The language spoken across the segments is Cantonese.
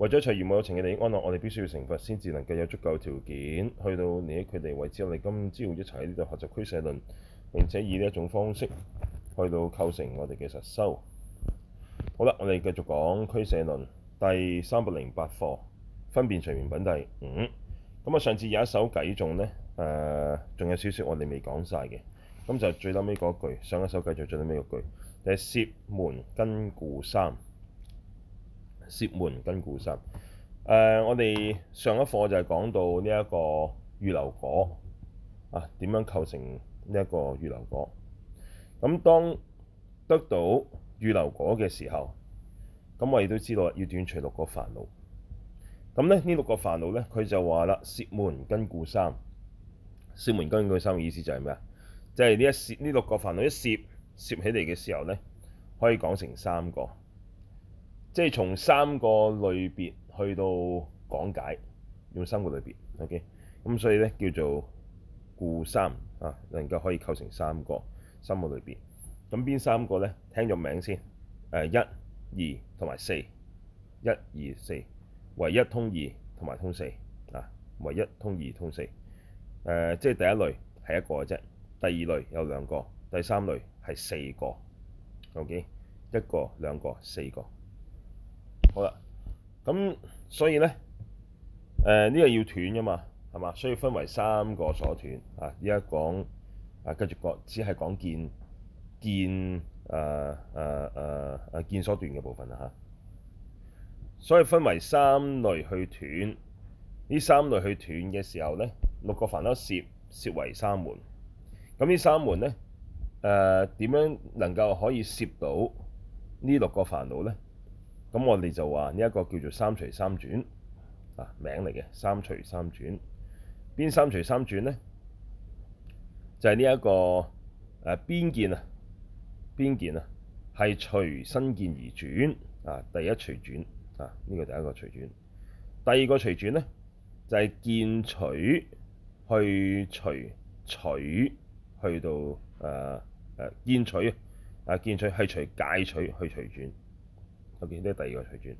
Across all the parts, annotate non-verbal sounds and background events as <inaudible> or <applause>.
為咗除滅冇有情嘅利益安樂，我哋必須要成佛，先至能夠有足夠條件去到你喺佢哋為止。我哋今朝一齊喺呢度學習俱舍論，並且以呢一種方式去到構成我哋嘅實修。好啦，我哋繼續講俱舍論第三百零八課，分辨隨眠品第五。咁啊，上次有一首偈仲呢，誒、呃，仲有少少我哋未講晒嘅，咁就最撚尾嗰句，上一首偈就最撚尾嗰句，就係攝門根故三。攝門根故三，誒、呃，我哋上一課就係講到呢一個預流果啊，點樣構成呢一個預流果？咁、啊啊、當得到預流果嘅時候，咁我亦都知道要斷除六個煩惱。咁咧呢六個煩惱咧，佢就話啦：攝門根故三，攝門根故三嘅意思就係咩啊？即係呢一攝呢六個煩惱一攝攝起嚟嘅時候咧，可以講成三個。即係從三個類別去到講解，用三個類別。OK，咁所以咧叫做故三啊，能夠可以構成三個三個類別。咁邊三個咧？聽咗名先，誒一、二同埋四，一、二、四，唯一通二同埋通四啊，唯一通二通四。誒、啊，即係第一類係一個嘅啫，第二類有兩個，第三類係四個。OK，一個、兩個、四個。好啦，咁所以咧，誒呢個要斷噶嘛，係嘛？所以分為三個所斷啊。依家講啊，繼續講只係講見見誒誒誒誒見所斷嘅部分啦嚇、啊。所以分為三類去斷，呢三類去斷嘅時候咧，六個煩惱攝攝為三門。咁呢三門咧，誒、呃、點樣能夠可以攝到呢六個煩惱咧？咁我哋就話呢一個叫做三隨三轉啊名嚟嘅三隨三轉邊三隨三轉呢？就係呢一個誒、啊、邊見啊邊見啊係隨身見而轉啊第一隨轉啊呢、呢個第一個隨轉、啊、第二個隨轉呢，就係見取去隨隨去到誒誒見取啊見取係隨戒取去隨轉。就見到呢第二個隨轉，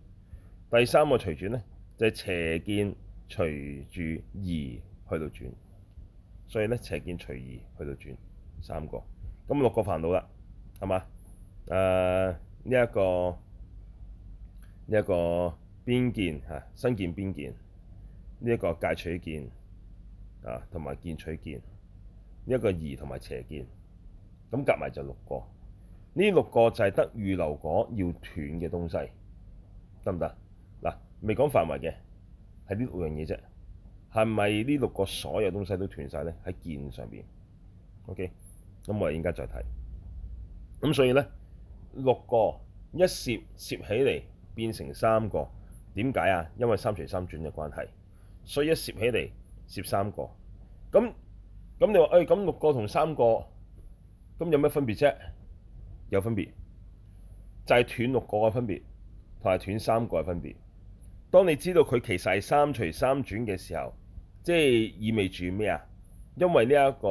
第三個隨轉呢就係、是、邪見隨住疑去到轉，所以呢，邪見隨疑去到轉，三個，咁六個煩惱啦，係嘛？誒呢一個呢一、這個邊見嚇身見邊見，呢、這、一個戒取見啊，同埋見取見，呢、這、一個疑同埋邪見，咁夾埋就六個。呢六個就係得預流果要斷嘅東西，得唔得？嗱，未講範圍嘅，係呢六樣嘢啫。係咪呢六個所有東西都斷晒咧？喺劍上邊？OK，咁我哋依家再睇。咁所以咧，六個一攝攝起嚟變成三個，點解啊？因為三隨三轉嘅關係，所以一攝起嚟攝三個。咁咁你話，誒、哎、咁六個同三個，咁有咩分別啫？有分別，就係、是、斷六個嘅分別，同埋斷三個嘅分別。當你知道佢其實係三隨三轉嘅時候，即係意味住咩啊？因為呢一個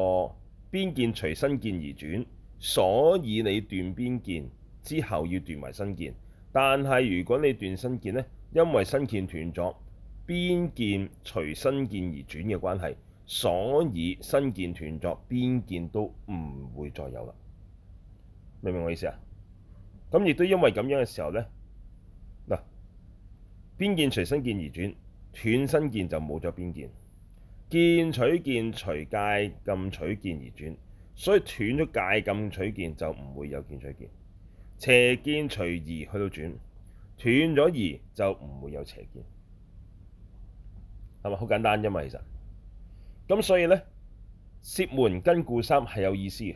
邊見隨身見而轉，所以你斷邊見之後要斷埋身見。但係如果你斷身見呢，因為身見斷咗，邊見隨身見而轉嘅關係，所以身見斷咗，邊見都唔會再有啦。明唔明我意思啊？咁亦都因為咁樣嘅時候呢，嗱，邊見隨身見而轉，斷身見就冇咗邊見。見取見隨戒禁取見而轉，所以斷咗戒禁取見就唔會有見取見。邪見隨疑去到轉，斷咗疑就唔會有邪見。係咪好簡單因、啊、嘛，其實咁所以呢，「攝門根故三」係有意思嘅。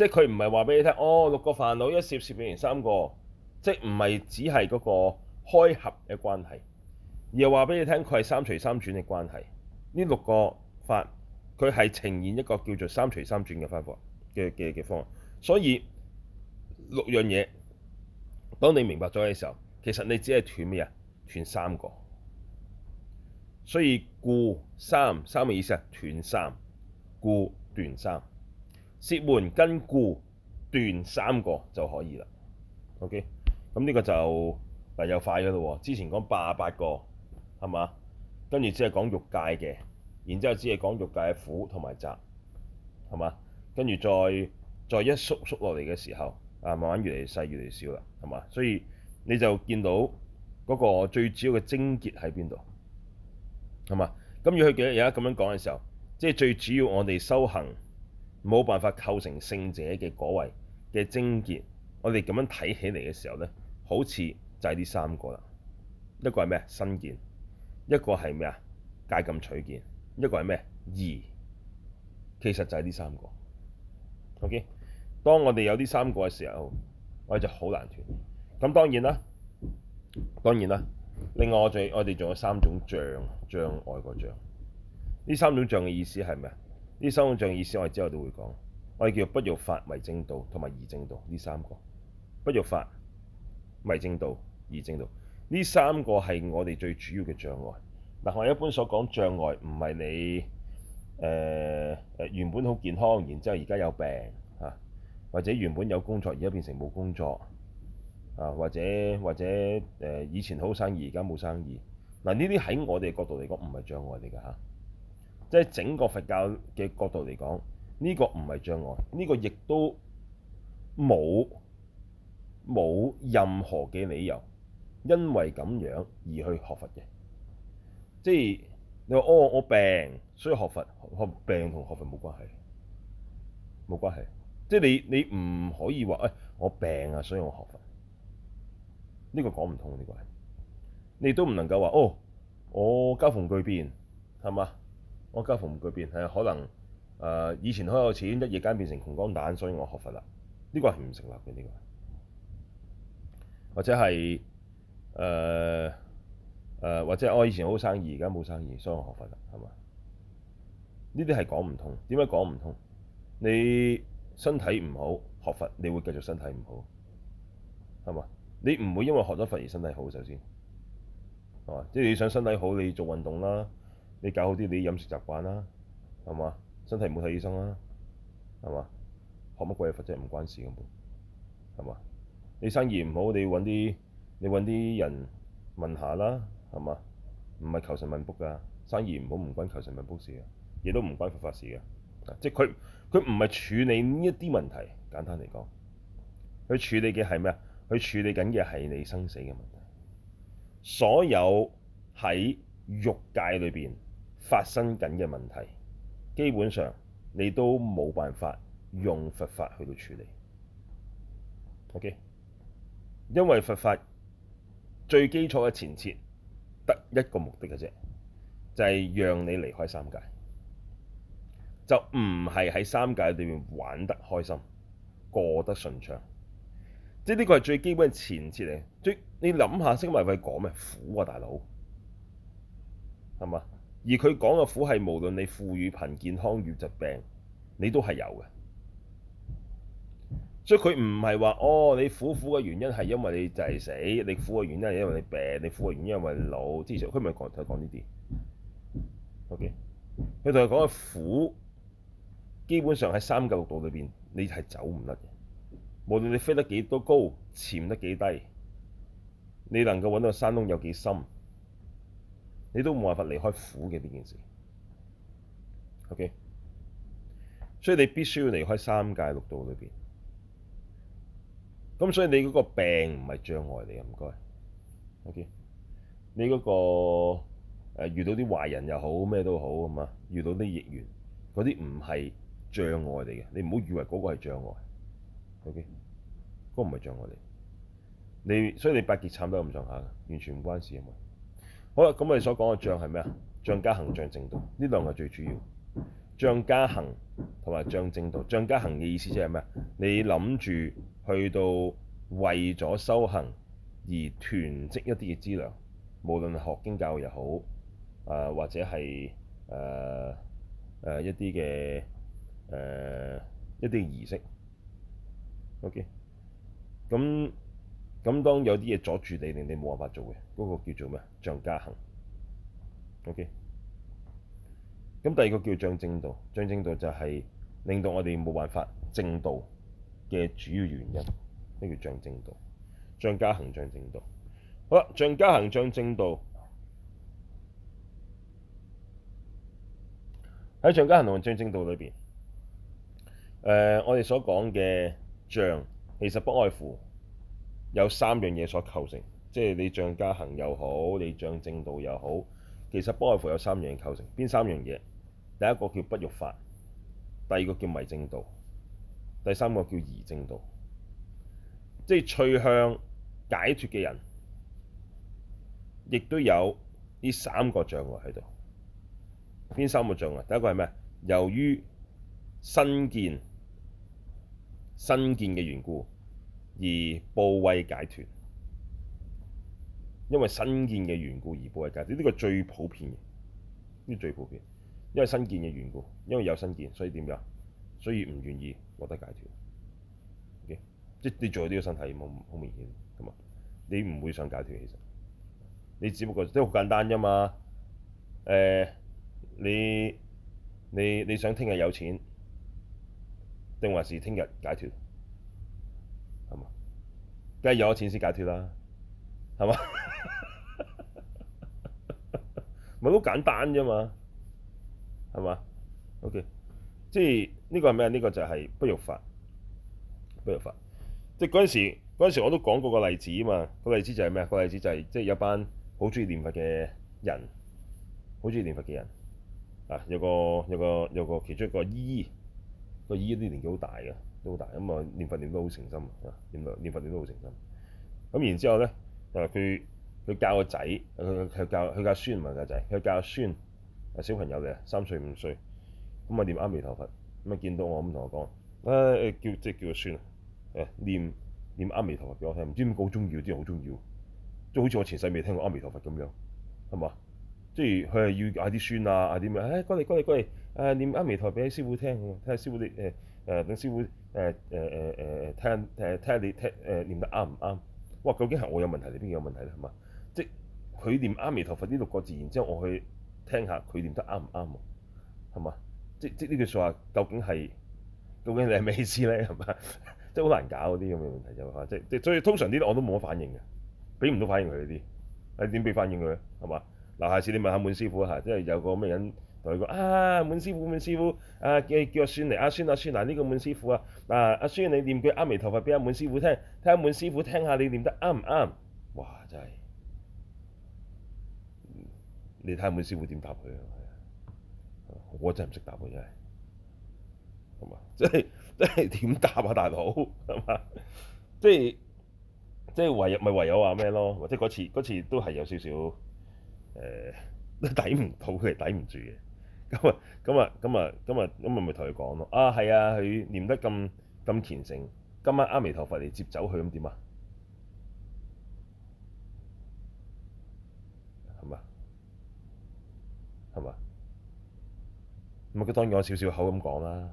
即係佢唔係話俾你聽，哦，六個煩惱一攝攝變成三個，即唔係只係嗰個開合嘅關係，而係話俾你聽，佢係三隨三轉嘅關係。呢六個法佢係呈現一個叫做三隨三轉嘅方法嘅嘅嘅方案。所以六樣嘢，當你明白咗嘅時候，其實你只係斷咩啊？斷三個，所以故三三個意思係斷三，故斷三。攝門根故斷三個就可以啦。OK，咁呢個就嗱，又快咗咯喎。之前講八十八個係嘛，跟住只係講欲界嘅，然之後只係講欲界苦同埋集係嘛，跟住再再一縮縮落嚟嘅時候啊，慢慢越嚟越細越嚟越少啦係嘛，所以你就見到嗰個最主要嘅癥結喺邊度係嘛？咁要去記得，而家咁樣講嘅時候，即係最主要我哋修行。冇辦法構成聖者嘅嗰位嘅精結，我哋咁樣睇起嚟嘅時候咧，好似就係呢三個啦。一個係咩？身見，一個係咩啊？戒禁取見，一個係咩？疑，其實就係呢三個。OK，當我哋有呢三個嘅時候，我哋就好難斷。咁當然啦，當然啦。另外我仲，我哋仲有三種障，障礙嗰障。呢三種障嘅意思係咩啊？呢三種障礙意思我哋之後都會講，我哋叫不欲發、迷正道，同埋疑正道呢三個，不欲發、迷正道、疑正道呢三個係我哋最主要嘅障礙。嗱，我一般所講障礙唔係你誒誒、呃、原本好健康，然之後而家有病嚇、啊，或者原本有工作而家變成冇工作啊，或者或者誒、呃、以前好生意而家冇生意。嗱、啊，呢啲喺我哋角度嚟講唔係障礙嚟㗎嚇。啊。即係整個佛教嘅角度嚟講，呢、這個唔係障礙，呢、這個亦都冇冇任何嘅理由，因為咁樣而去學佛嘅。即係你話：哦，我病所以學佛，病同學佛冇關係，冇關係。即係你你唔可以話：誒、哎，我病啊，所以我學佛。呢、這個講唔通呢、這個係。你都唔能夠話：哦，我交逢巨變，係嘛？我家父母嗰邊，係可能誒、呃、以前好有錢，一夜間變成窮光蛋，所以我學佛啦。呢、這個係唔成立嘅，呢、這個或者係誒誒或者我、哦、以前好生意，而家冇生意，所以我學佛啦，係嘛？呢啲係講唔通，點解講唔通？你身體唔好學佛，你會繼續身體唔好，係嘛？你唔會因為學咗佛而身體好，首先係嘛？即係、就是、你想身體好，你做運動啦。你搞好啲你飲食習慣啦，係嘛？身體唔好睇醫生啦，係嘛？學乜鬼嘢佛啫？唔關事嘅噃，係嘛？你生意唔好，你揾啲你揾啲人問下啦，係嘛？唔係求神問卜㗎，生意唔好唔關求神問卜事嘅，亦都唔關佛法事嘅。即係佢佢唔係處理呢一啲問題，簡單嚟講，佢處理嘅係咩啊？佢處理緊嘅係你生死嘅問題。所有喺欲界裏邊發生緊嘅問題，基本上你都冇辦法用佛法去到處理。OK，因為佛法最基礎嘅前設得一個目的嘅啫，就係、是、讓你離開三界，就唔係喺三界裏面玩得開心、過得順暢。即係呢個係最基本嘅前設嚟。最你諗下，釋懷慧講咩苦啊，大佬，係嘛？而佢講嘅苦係無論你富與貧、健康與疾病，你都係有嘅。所以佢唔係話哦，你苦苦嘅原因係因為你就係死，你苦嘅原因係因為你病，你苦嘅原因係因為你老。之前佢咪係講佢講呢啲。OK，佢同你講嘅苦，基本上喺三界六道裏邊，你係走唔甩嘅。無論你飛得幾多高、潛得幾低，你能夠揾到山窿有幾深？你都冇辦法離開苦嘅呢件事，OK？所以你必須要離開三界六道裏邊。咁所以你嗰個病唔係障礙嚟嘅，唔該。OK？你嗰個誒遇到啲壞人又好，咩都好啊，遇到啲逆緣，嗰啲唔係障礙嚟嘅。你唔好以為嗰個係障礙，OK？嗰個唔係障礙嚟。你所以你八極慘都係咁上下嘅，完全唔關事啊嘛。好啦，咁我哋所講嘅障係咩啊？障加行、障正道，呢兩個最主要。障加行同埋障正道，障加行嘅意思即係咩啊？你諗住去到為咗修行而囤積一啲嘅資糧，無論學經教又好，啊、呃、或者係誒誒一啲嘅誒一啲儀式，OK？咁。咁當有啲嘢阻住你，令你冇辦法做嘅，嗰、那個叫做咩？障加行，OK。咁第二個叫障正道，障正道就係令到我哋冇辦法正道嘅主要原因。咩叫障正道？障加行、障正道。好啦，障加行、障正道喺障加行同障正道裏邊，誒、呃，我哋所講嘅障其實不外乎。有三樣嘢所構成，即係你漲加行又好，你漲正道又好，其實不外乎有三樣構成，邊三樣嘢？第一個叫不欲發，第二個叫迷正道，第三個叫疑正道。即係趣向解脫嘅人，亦都有呢三個障礙喺度。邊三個障礙？第一個係咩？由於身見身見嘅緣故，而怖畏解脫，因為身見嘅緣故而怖畏解脫，呢個最普遍嘅，呢個最普遍，因為身見嘅緣故，因為有身見，所以點樣？所以唔願意獲得解脫。OK? 即你做呢個身體冇好明顯咁啊？你唔會想解脫，其實你，不你只不過都好簡單啫嘛。誒、呃，你你你想聽日有錢，定還是聽日解脫？梗係有咗錢先解脫啦，係嘛？咪 <laughs> 好簡單啫嘛，係嘛？OK，即係呢個係咩啊？呢、這個就係不欲發，不欲發。即係嗰陣時，嗰時我都講過個例子啊嘛。個例子就係咩啊？個例子就係、是、即係有班好中意念佛嘅人，好中意念佛嘅人啊！有個有個有個其中一個姨，個姨啲年紀好大嘅。都大，咁啊念佛念都好誠心啊，念佛念佛殿都好誠心。咁然之後咧，誒佢佢教個仔，佢教佢教孫唔係教仔，佢教孫誒小朋友嚟三歲五歲，咁啊念阿彌陀佛，咁啊見到我咁同我講，誒、呃、叫即係叫個孫啊，誒念念阿彌陀佛俾我聽，唔知點解好中意啲好中意，即係好似我前世未聽過阿彌陀佛咁樣，係嘛？即係佢係要嗌啲孫啊，嗌啲咩？誒、哎、過嚟過嚟過嚟，誒、呃、念阿彌陀俾師傅聽，睇下師傅啲。誒、呃。誒，等師傅誒誒誒誒誒，聽下下你聽誒、呃、唸得啱唔啱？哇，究竟係我有問題，你邊有問題咧？係嘛？即係佢念「阿彌陀佛」呢六個字，然之後我去聽下佢念得啱唔啱啊？係嘛？即即呢句説話究，究竟係究竟你係咩意思咧？係嘛？即係好難搞嗰啲咁嘅問題就係，即即所以通常啲我都冇乜反應嘅，俾唔到反應佢呢啲。你點俾反應佢？係嘛？嗱，下次你問下滿師傅啊嚇，即係有個咩人？佢講啊，滿師傅滿師傅啊，叫叫阿孫嚟，阿孫阿孫，嗱，呢個滿師傅啊，嗱，阿孫你唸佢阿彌陀佛俾阿滿師傅聽，睇下滿師傅聽下你唸得啱唔啱？哇真係！你睇下滿師傅點答佢啊？我真係唔識答佢真係，係嘛？即係即係點答啊？大佬，係嘛？即係即係唯有咪唯有話咩咯？或者嗰次嗰次都係有少少、呃、都抵唔到佢係抵唔住嘅。咁啊，咁啊，咁啊，咁啊，咁啊，咪同佢講咯。啊，係啊，佢念得咁咁虔誠，今晚阿彌陀佛嚟接走佢，咁點啊？係嘛？係嘛？咁啊，當然我少少口咁講啦。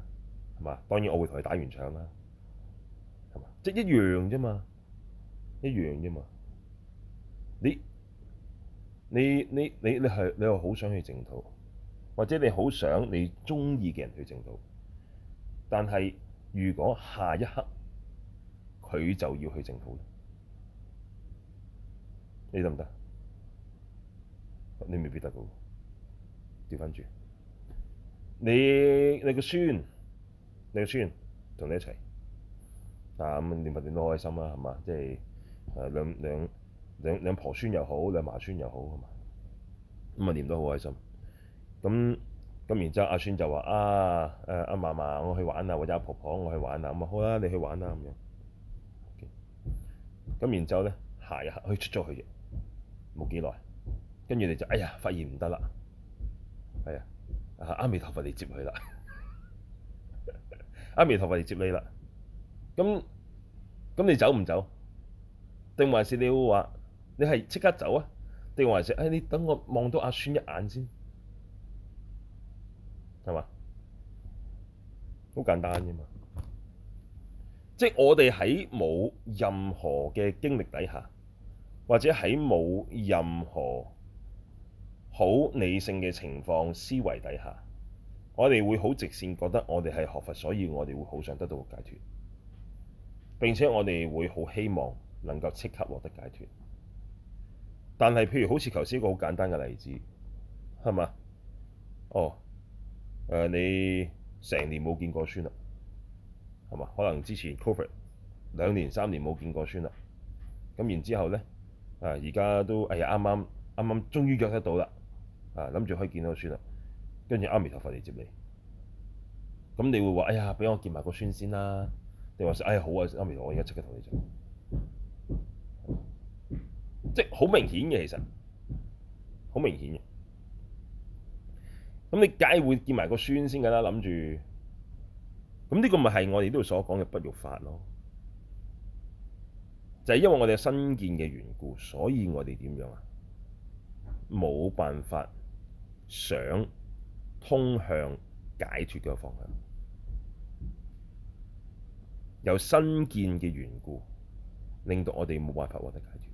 係嘛？當然我會同佢打圓場啦。係嘛？即係一樣啫嘛，一樣啫嘛。你你你你你係你又好想去淨土。或者你好想你鍾意嘅人去淨土，但係如果下一刻佢就要去淨土，你得唔得？你未必得嘅喎，調翻轉，你你個孫，你個孫同你，你一齊，啊咁念佛念到開心啦，係嘛？即係兩兩兩兩婆孫又好，兩嫲孫又好，係嘛？咁啊念到好開心。咁咁然之後，阿孫就話啊誒阿嫲嫲，我去玩啊，或者阿、啊、婆婆我去玩啊，咁啊好啦，你去玩啦咁樣。咁然之後咧，下一刻出去出咗去嘅，冇幾耐，跟住你就哎呀發現唔得啦，係、哎、啊，阿彌陀佛嚟接佢啦， <laughs> 阿彌陀佛嚟接你啦，咁咁你走唔走？定還是你會話你係即刻走啊？定還是誒、哎、你等我望到阿孫一眼先？係嘛？好簡單啫嘛！即係我哋喺冇任何嘅經歷底下，或者喺冇任何好理性嘅情況思維底下，我哋會好直線覺得我哋係學佛，所以我哋會好想得到解脫。並且我哋會好希望能夠即刻獲得解脫。但係譬如好似頭先一個好簡單嘅例子，係嘛？哦、oh。呃、你成年冇見過孫啦，係嘛？可能之前 COVID 兩年三年冇見過孫啦，咁然之後咧，誒而家都哎呀啱啱啱啱終於約得到啦，啊諗住可以見到孫啦，跟住阿彌陀佛嚟接你，咁你會話哎呀畀我見埋個孫先啦，定還是哎呀好啊阿彌陀，我而家即刻同你做，即係好明顯嘅其實，好明顯嘅。咁你梗係會見埋個孫先噶啦，諗住，咁呢個咪係我哋都所講嘅不欲發咯，就係、是、因為我哋有身見嘅緣故，所以我哋點樣啊？冇辦法想通向解脱嘅方向，由身見嘅緣故，令到我哋冇辦法獲得解脱，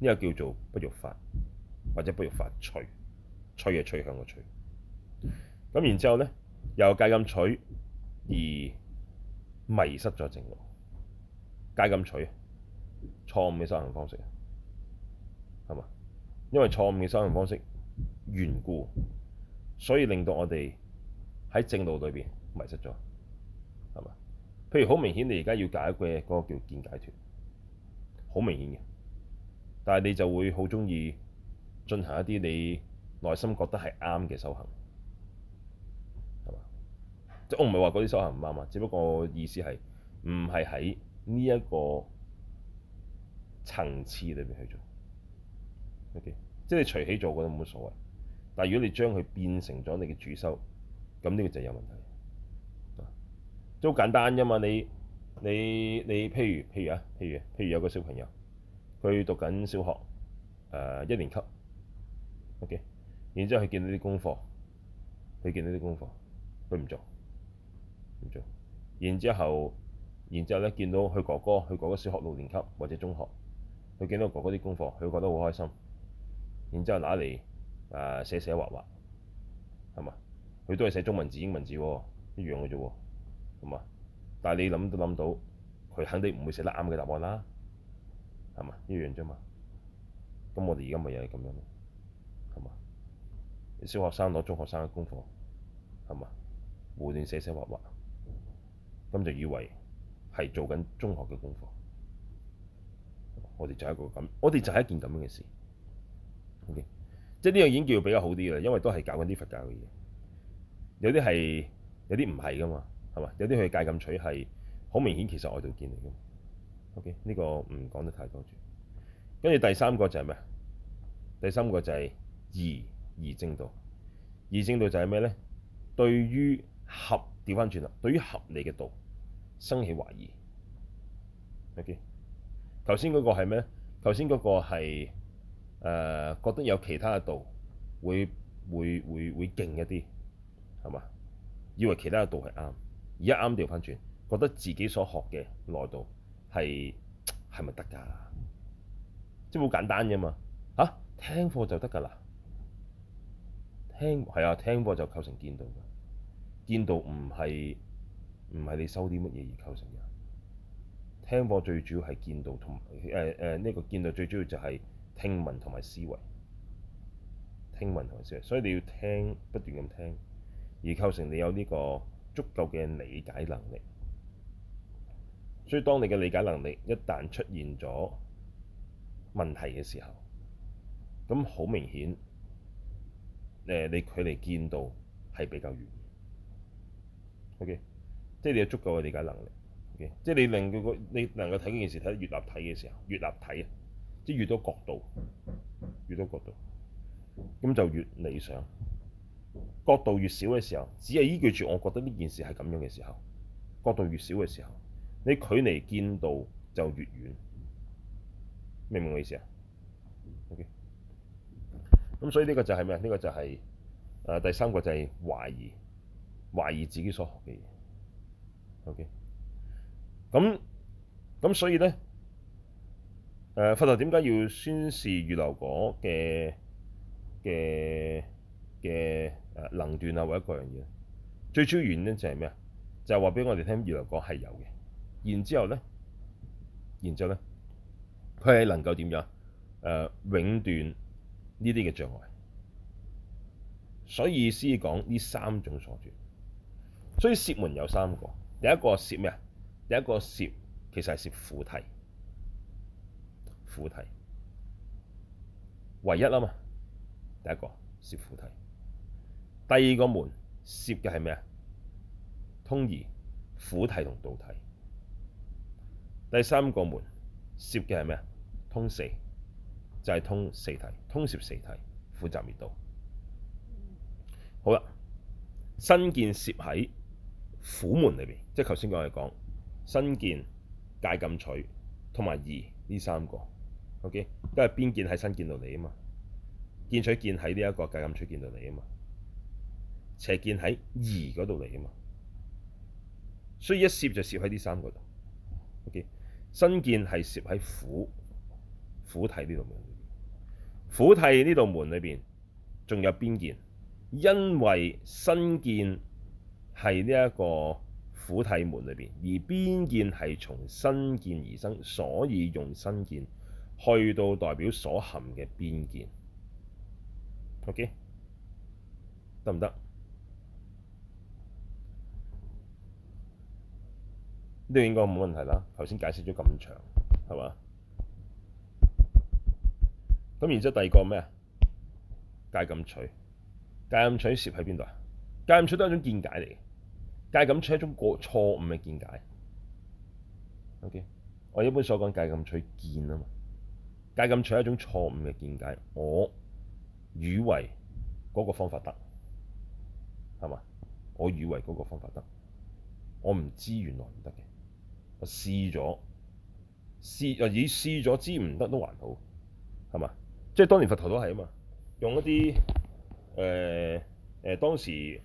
呢、這個叫做不欲發，或者不欲發趣，趣啊趣向個趣。咁然之後咧，又戒禁取而迷失咗正路，戒禁取錯誤嘅修行方式，係嘛？因為錯誤嘅修行方式緣故，所以令到我哋喺正路裏邊迷失咗，係嘛？譬如好明顯，你而家要解一嗰個叫見解脱，好明顯嘅，但係你就會好中意進行一啲你內心覺得係啱嘅修行。即我唔係話嗰啲修行唔啱啊，只不過意思係唔係喺呢一個層次裏邊去做。O.K.，即係你除起做我都冇乜所謂，但係如果你將佢變成咗你嘅主修，咁呢個就有問題。啊，都好簡單啫嘛！你你你，譬如譬如啊，譬如，譬如，譬如譬如有個小朋友，佢讀緊小學，誒、呃、一年級。O.K.，然之後佢見到啲功課，佢見到啲功課，佢唔做。然之後，然之後咧，見到佢哥哥，佢哥哥小學六年級或者中學，佢見到哥哥啲功課，佢覺得好開心。然之後攞嚟誒寫寫畫畫，係嘛？佢都係寫中文字、英文字，一樣嘅啫喎，係嘛？但係你諗都諗到，佢肯定唔會寫得啱嘅答案啦，係嘛？一樣啫嘛。咁我哋而家咪又係咁樣咯，係嘛？小學生攞中學生嘅功課，係嘛？胡亂寫寫畫畫。咁就以為係做緊中學嘅功課。我哋就係一個咁，我哋就係一件咁樣嘅事。O.K.，即係呢樣已經叫比較好啲啦，因為都係搞緊啲佛教嘅嘢。有啲係有啲唔係噶嘛，係嘛？有啲佢戒禁取係好明顯，其實外道見嚟嘅。O.K.，呢個唔講得太多住。跟住第三個就係咩？第三個就係疑，疑正道。疑正道就係咩咧？對於合，掉返轉啦，對於合理嘅道，生起懷疑，OK？頭先嗰個係咩？頭先嗰個係誒、呃、覺得有其他嘅道會會會會勁一啲，係嘛？以為其他嘅道係啱，而家啱調翻轉，覺得自己所學嘅內道係係咪得㗎？即係好簡單啫嘛，嚇、啊、聽課就得㗎啦，聽係啊聽課就構成見道㗎，見道唔係。唔係你收啲乜嘢而構成嘅。聽課最主要係見道，同誒誒呢個見道最主要就係聽聞同埋思維，聽聞同埋思維，所以你要聽不斷咁聽，而構成你有呢個足夠嘅理解能力。所以當你嘅理解能力一旦出現咗問題嘅時候，咁好明顯誒、呃，你距離見道係比較遠嘅。O.K. 即係你有足夠嘅理解能力，okay? 即係你令佢個你能夠睇呢件事睇得越立體嘅時候，越立體啊，即係越多角度，越多角度，咁就越理想。角度越少嘅時候，只係依據住我覺得呢件事係咁樣嘅時候，角度越少嘅時候，你距離見到就越遠。明唔明我意思啊？咁、okay? 所以呢個就係咩？呢、呢個就係、是呃、第三個就係懷疑，懷疑自己所學嘅嘢。O.K. 咁咁，所以呢，誒、呃、佛陀點解要宣示預流果嘅嘅嘅誒能斷啊？或者各樣嘢最主要原因就係咩啊？就話、是、俾我哋聽預流果係有嘅，然之後呢，然之後呢，佢係能夠點樣誒、呃、永斷呢啲嘅障礙？所以先講呢三種所住。所以攝門有三個。第一個攝咩啊？有一個攝其實係攝苦諦，苦諦唯一啦嘛。第一個攝苦諦，諦，諦，第二個門攝嘅係咩啊？通二苦諦同道諦，第三個門攝嘅係咩啊？通四就係、是、通四諦，通攝四諦苦集滅道。好啦，新建攝喺。苦門裏面，即係頭先我哋講，身見戒禁取同埋疑呢三個，O、okay? K，因為邊見喺身見度嚟啊嘛？見取見喺呢一個戒禁取件到你啊嘛？邪見喺疑嗰度嚟啊嘛？所以一攝就攝喺呢三個度，O K，身見係攝喺苦，苦諦呢度門，苦諦呢度門裏邊仲有邊見？因為身見。係呢一個苦諦門裏邊，而邊見係從身見而生，所以用身見去到代表所含嘅邊見。OK，得唔得？呢個應該冇問題啦。頭先解釋咗咁長，係嘛？咁然之後第二個咩啊？戒禁取，戒禁取攝喺邊度啊？戒禁取都係一種見解嚟嘅。戒禁取一種過錯誤嘅見解。OK，我一般所講戒禁取見啊嘛，戒禁取一種錯誤嘅見解。我以為嗰個方法得，係嘛？我以為嗰個方法得，我唔知原來唔得嘅。我試咗，試又以試咗知唔得都還好，係嘛？即係當年佛陀都係啊嘛，用一啲誒誒當時。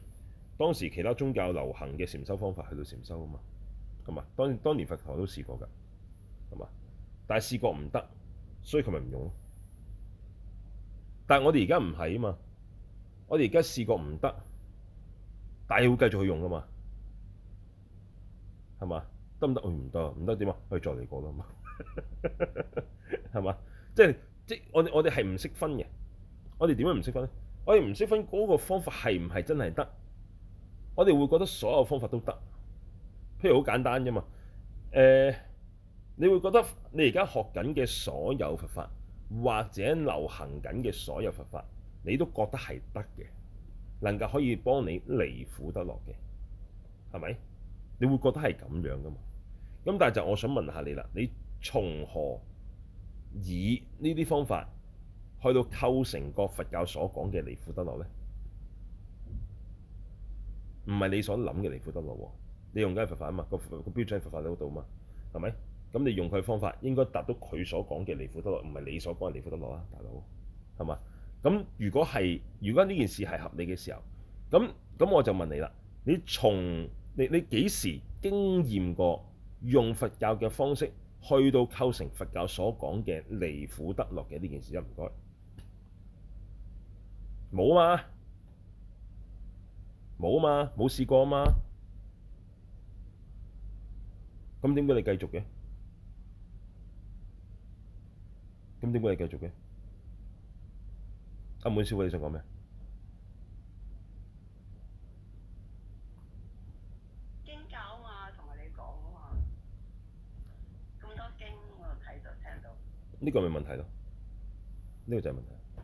當時其他宗教流行嘅禪修方法去到禪修啊嘛，咁啊，當當年佛陀都試過㗎，係嘛？但係試過唔得，所以佢咪唔用咯。但係我哋而家唔係啊嘛，我哋而家試過唔得，但係要繼續去用㗎嘛，係嘛？得唔得？唔得，哦，唔得，唔得點啊？去再嚟過啦嘛，係嘛？ <laughs> 即係即我哋我哋係唔識分嘅。我哋點樣唔識分？我哋唔識分嗰個方法係唔係真係得？我哋會覺得所有方法都得，譬如好簡單啫嘛。誒、呃，你會覺得你而家學緊嘅所有佛法，或者流行緊嘅所有佛法，你都覺得係得嘅，能夠可以幫你離苦得樂嘅，係咪？你會覺得係咁樣噶嘛？咁但係就我想問下你啦，你從何以呢啲方法去到構成個佛教所講嘅離苦得樂呢？唔係你所諗嘅離苦得樂喎，你用緊係佛法啊嘛，個個標準係佛法嗰度啊嘛，係咪？咁你用佢方法應該達到佢所講嘅離苦得樂，唔係你所講嘅離苦得樂啊，大佬，係嘛？咁如果係，如果呢件事係合理嘅時候，咁咁我就問你啦，你從你你幾時經驗過用佛教嘅方式去到構成佛教所講嘅離苦得樂嘅呢件事？啊唔該，冇啊嘛。冇啊嘛，冇試過啊嘛，咁點解你繼續嘅？咁點解你繼續嘅？阿、啊、滿少偉，你想講咩？經教啊同埋你講啊嘛，咁多經我睇到聽到。呢個咪問題咯，呢個就係問題。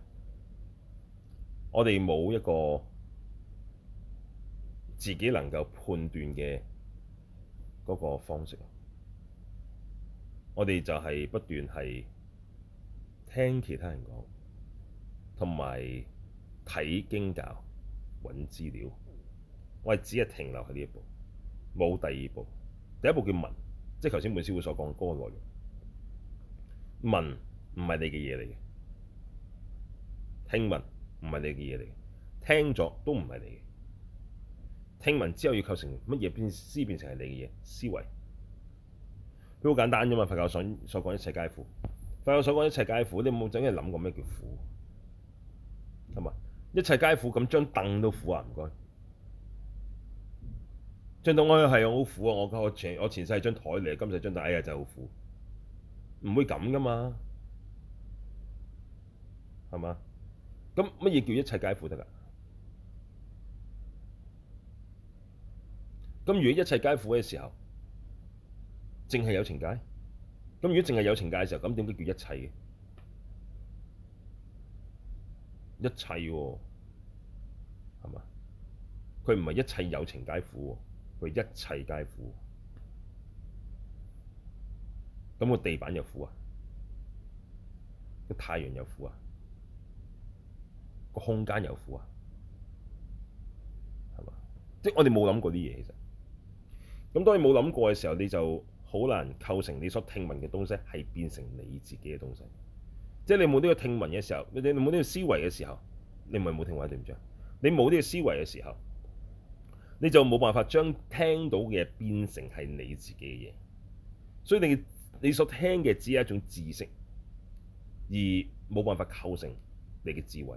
我哋冇一個自己能夠判斷嘅嗰個方式，我哋就係不斷係聽其他人講，同埋睇經教揾資料。我哋只係停留喺呢一步，冇第二步。第一步叫聞，即係頭先本師會所講嘅嗰個內容。聞唔係你嘅嘢嚟嘅，聽聞唔係你嘅嘢嚟嘅，聽咗都唔係你嘅。聽聞之後要構成乜嘢變思變成係你嘅嘢思維，都好簡單啫嘛！佛教所所講一切皆苦，佛教所講一切皆苦，你冇真係諗過咩叫苦，係嘛？一切皆苦，咁張凳都苦啊！唔該，張凳我係好苦啊！我我前我前世係張枱嚟，今世張凳，哎呀真係好苦，唔會咁㗎嘛，係嘛？咁乜嘢叫一切皆苦得㗎？咁如果一切皆苦嘅時候，淨係有情界，咁如果淨係有情界嘅時候，咁點解叫一切嘅？一切喎、哦，係嘛？佢唔係一切有情皆苦，佢係一切皆苦。咁個地板有苦啊？個太陽有苦啊？個空間有苦啊？係嘛？即係我哋冇諗過啲嘢其實。咁當你冇諗過嘅時候，你就好難構成你所聽聞嘅東西係變成你自己嘅東西。即係你冇呢個聽聞嘅時候，你你冇呢個思維嘅時候，你咪冇聽話對唔對？你冇呢個思維嘅時候，你就冇辦法將聽到嘅嘢變成係你自己嘅嘢。所以你你所聽嘅只係一種知識，而冇辦法構成你嘅智慧。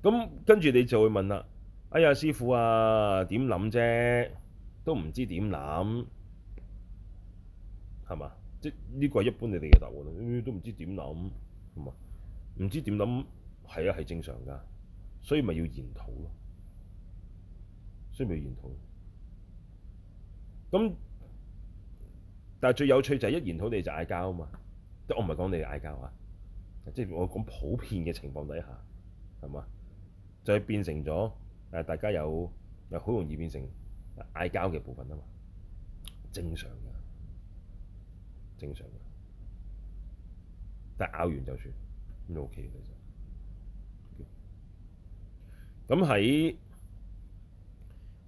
咁跟住你就會問啦。哎呀，師傅啊，點諗啫？都唔知點諗，係嘛？即呢個係一般你哋嘅答案，都唔知點諗，唔啊？唔知點諗係啊，係正常㗎，所以咪要研討咯。所以咪要研討。咁，但係最有趣就係一研討你就嗌交啊嘛！即我唔係講你嗌交啊，即我講普遍嘅情況底下，係嘛？就係變成咗。誒，大家有又好容易變成嗌交嘅部分啊嘛，正常嘅，正常嘅，但係咬完就算，OK 嘅其實。咁喺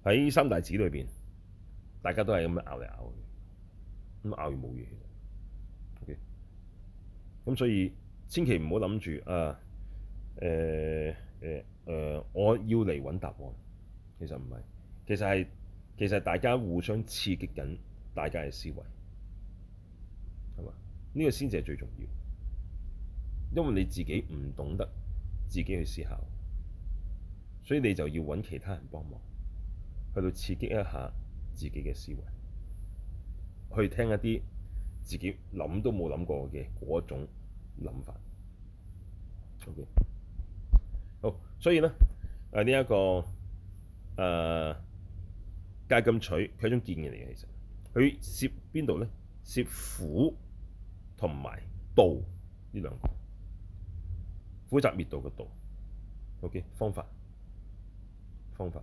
喺三大寺裏邊，大家都係咁樣咬嚟咬去，咁咬完冇嘢嘅，O.K.，咁所以千祈唔好諗住啊，誒、呃、誒。呃呃，我要嚟揾答案，其實唔係，其實係其實大家互相刺激緊大家嘅思維，係嘛？呢個先至係最重要，因為你自己唔懂得自己去思考，所以你就要揾其他人幫忙，去到刺激一下自己嘅思維，去聽一啲自己諗都冇諗過嘅嗰種諗法。Okay? 所以呢，誒呢一個誒、呃、戒禁取佢係一種見嘅嚟嘅，其實佢涉邊度呢？涉苦同埋道呢兩個，苦集滅道嘅道。OK，方法方法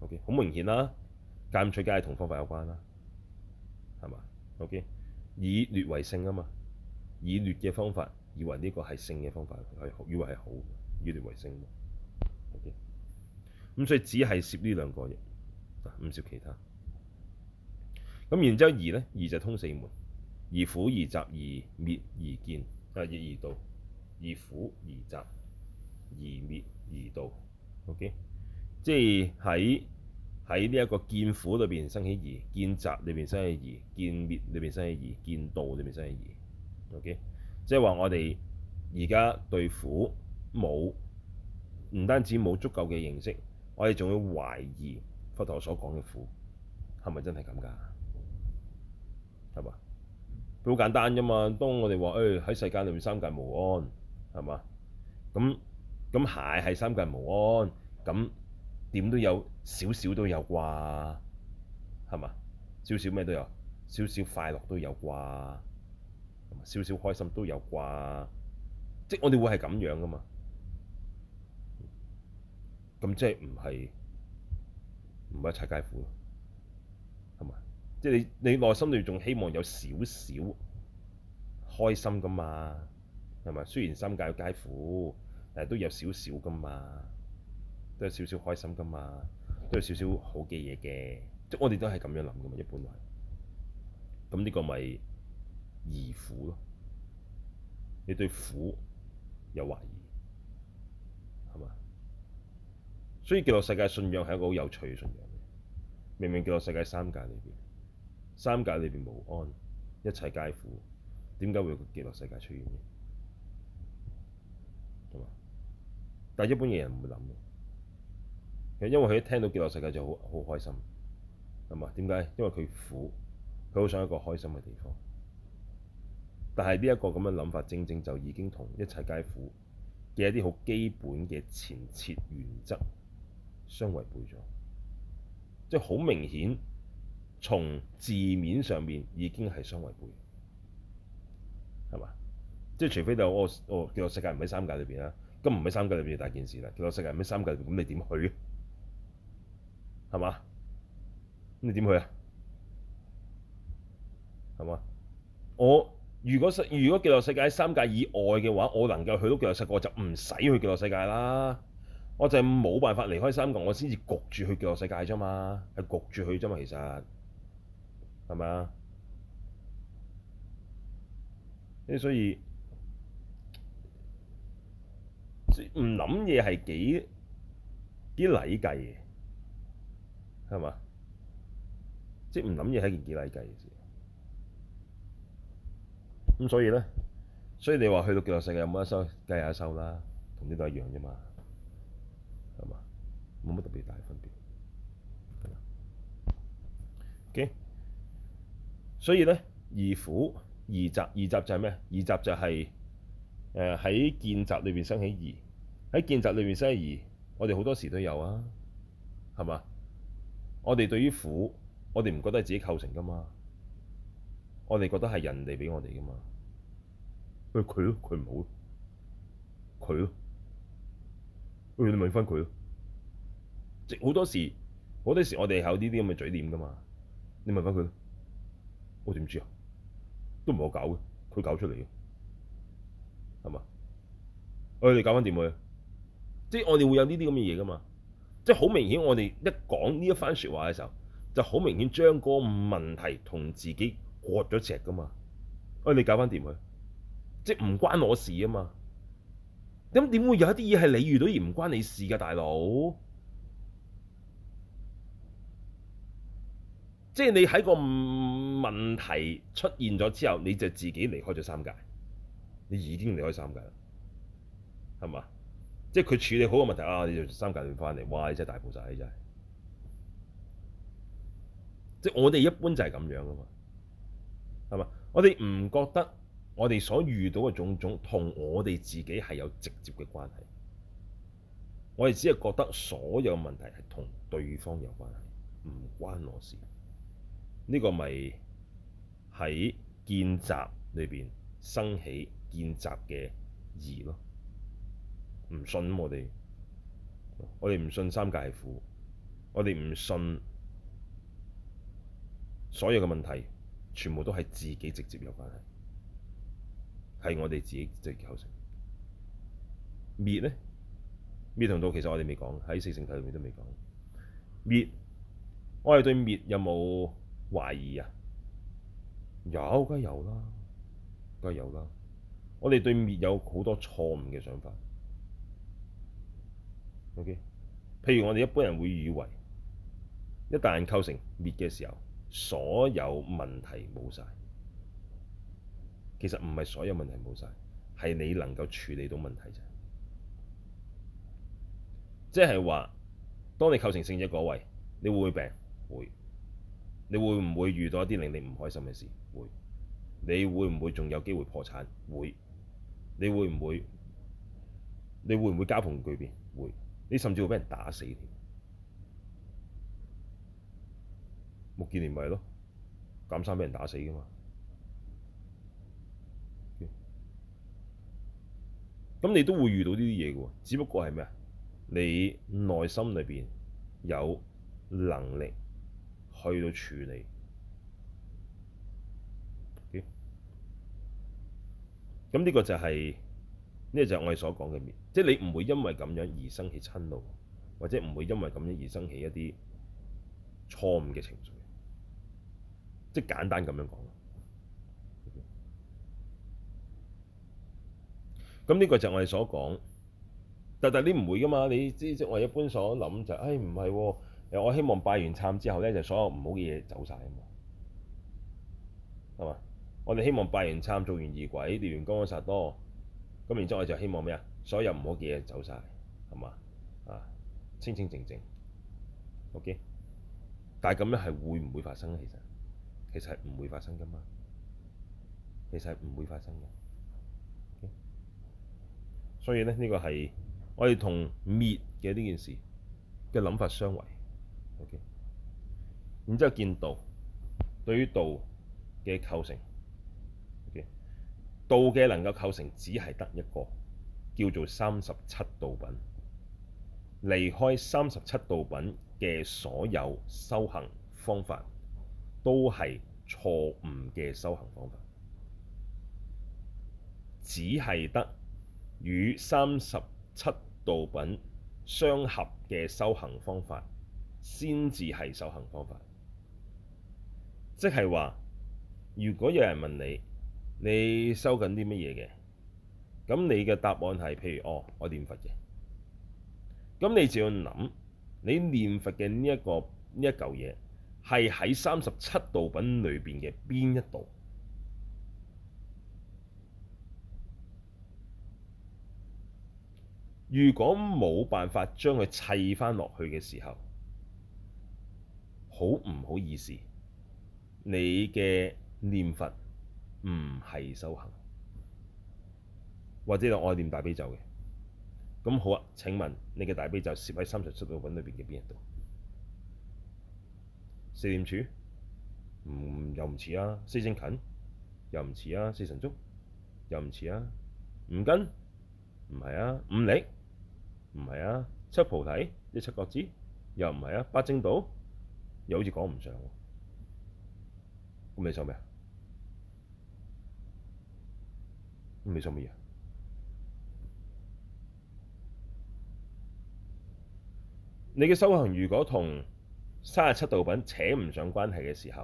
OK，好明顯啦。戒禁取梗係同方法有關啦，係嘛？OK，以劣為勝啊嘛，以劣嘅方法以為呢個係勝嘅方法，係以為係好，以劣為勝。咁、okay. 所以只係攝呢兩個啫，唔攝其他。咁然之後疑呢，疑就通四門，疑苦、疑集、疑滅、疑見啊，疑道、疑苦、疑集、疑滅、疑道。O.K.，即係喺喺呢一個見苦裏邊生起疑，見集裏邊生起疑，見滅裏邊生起疑，見道裏邊生起疑。O.K.，即係話我哋而家對苦冇，唔單止冇足夠嘅認識，我哋仲要懷疑佛陀所講嘅苦係咪真係咁㗎？係嘛？好簡單啫嘛。當我哋話誒喺世界裡面三界無安，係嘛？咁咁係係三界無安，咁點都有少少都有啩，係嘛？少少咩都有，少少快樂都有啩，少少開心都有啩，即我哋會係咁樣㗎嘛。咁即係唔係唔係一切皆苦咯，係咪？即係你你內心裏仲希望有少少開心噶嘛，係咪？雖然三界有皆苦，但係都有少少噶嘛，都有少少開心噶嘛，都有少少好嘅嘢嘅，即係我哋都係咁樣諗噶嘛，一般嚟。咁呢個咪疑苦咯？你對苦有懷疑？所以，極樂世界信仰係一個好有趣嘅信仰。明明極樂世界三界裏邊，三界裏邊無安，一切皆苦，點解會有個極樂世界出現嘅？係嘛？但係一般嘅人唔會諗嘅，因為佢一聽到極樂世界就好好開心，係嘛？點解？因為佢苦，佢好想一個開心嘅地方。但係呢一個咁嘅諗法，正正就已經同一切皆苦嘅一啲好基本嘅前設原則，相違背咗，即係好明顯，從字面上面已經係相違背，係嘛？即係除非就我我《極樂世界》唔喺三界裏邊啦，咁唔喺三界裏邊就大件事啦，《極樂世界》唔喺三界裏邊，咁你點去？係嘛？咁你點去啊？係嘛？我如果世如果《極樂世界》喺三界以外嘅話，我能夠去到《極樂世界》，我就唔使去《極樂世界》啦。我就係冇辦法離開三國，我先至焗住去《極樂世界》啫嘛，係焗住去啫嘛。其實係咪啊？即所以，即唔諗嘢係幾幾禮計嘅，係嘛？即係唔諗嘢係件幾禮計嘅事。咁、就是、所以咧，所以你話去到《極樂世界》有冇得收？梗係有收啦，同呢個一樣啫嘛。冇乜特別大分別，OK. 所以呢，二苦二集二集就係咩？二集就係誒喺見集裏邊生起疑，喺見集裏邊生起疑。我哋好多時都有啊，係嘛？我哋對於苦，我哋唔覺得係自己構成噶嘛，我哋覺得係人哋畀我哋噶嘛。喂、欸，佢咯，佢唔好咯，佢咯。喂、欸，你問翻佢咯。好多時，好多時我哋有呢啲咁嘅嘴臉噶嘛？你問翻佢咯，我點知啊？都唔係我搞嘅，佢搞出嚟嘅，係嘛？哎，你搞翻掂佢，即係我哋會有呢啲咁嘅嘢噶嘛？即係好明顯，我哋一講呢一番説話嘅時候，就好明顯將個問題同自己割咗席噶嘛？哎，你搞翻掂佢，即係唔關我事啊嘛？咁點會有一啲嘢係你遇到而唔關你事嘅大佬？即係你喺個問題出現咗之後，你就自己離開咗三界，你已經離開三界啦，係嘛？即係佢處理好個問題啊，你就三界會翻嚟，哇！你真係大菩薩，你真係。即係我哋一般就係咁樣噶嘛，係嘛？我哋唔覺得我哋所遇到嘅種種同我哋自己係有直接嘅關係，我哋只係覺得所有問題係同對方有關係，唔關我事。呢個咪喺見集裏邊生起見集嘅疑咯，唔信咁我哋，我哋唔信三界係苦，我哋唔信所有嘅問題全部都係自己直接有關係，係我哋自己直接構成。滅呢？滅同道其實我哋未講，喺四聖諦裏面都未講滅，我哋對滅有冇？懷疑啊？有，梗係有啦，梗係有啦。我哋對滅有好多錯誤嘅想法。O.K.，譬如我哋一般人會以為，一旦構成滅嘅時候，所有問題冇晒。其實唔係所有問題冇晒，係你能夠處理到問題啫。即係話，當你構成聖者嗰位，你會唔會病？會。你會唔會遇到一啲令你唔開心嘅事？會。你會唔會仲有機會破產？會。你會唔會？你會唔會家逢巨變？會。你甚至會俾人打死。目犍連咪係咯，減衫俾人打死噶嘛。咁你都會遇到呢啲嘢嘅喎，只不過係咩啊？你內心裏邊有能力。去到處理。咁、okay? 呢個就係、是、呢、這個就係我哋所講嘅，面，即係你唔會因為咁樣而生起嗔怒，或者唔會因為咁樣而生起一啲錯誤嘅情緒。即、就、係、是、簡單咁樣講。咁、okay? 呢個就係我哋所講。但但你唔會噶嘛？你即即、就是、我一般所諗就係、是，誒唔係喎。我希望拜完參之後咧，就所有唔好嘅嘢走晒啊嘛。係嘛？我哋希望拜完參、做完儀軌、念完金剛薩埵，咁然之後我就希望咩啊？所有唔好嘅嘢走晒，係嘛？啊，清清靜靜。OK，但係咁樣係會唔會發生咧？其實其實係唔會發生噶嘛，其實係唔會發生嘅。Okay? 所以咧呢個係我哋同滅嘅呢件事嘅諗法相違。Okay. 然之後見道對於道嘅構成，okay. 道嘅能夠構成只係得一個叫做三十七道品。離開三十七道品嘅所有修行方法都係錯誤嘅修行方法，只係得與三十七道品相合嘅修行方法。先至係修行方法，即係話，如果有人問你，你修緊啲乜嘢嘅？咁你嘅答案係，譬如哦，我念佛嘅。咁你就要諗，你念佛嘅呢一個呢一嚿嘢，係喺三十七道品裏邊嘅邊一道。如果冇辦法將佢砌翻落去嘅時候，好唔好意思？你嘅念佛唔係修行，或者你愛念大悲咒嘅咁好啊？請問你嘅大悲咒攝喺三十七道品裏邊嘅邊一度？四念處唔又唔似啊？四正勤？又唔似啊？四神足又唔似啊？五根唔係啊？五力唔係啊？七菩提一七個字又唔係啊？八正道。又好似講唔上喎。咁你想咩啊？咁你想乜嘢？你嘅修行如果同三十七道品扯唔上關係嘅時候，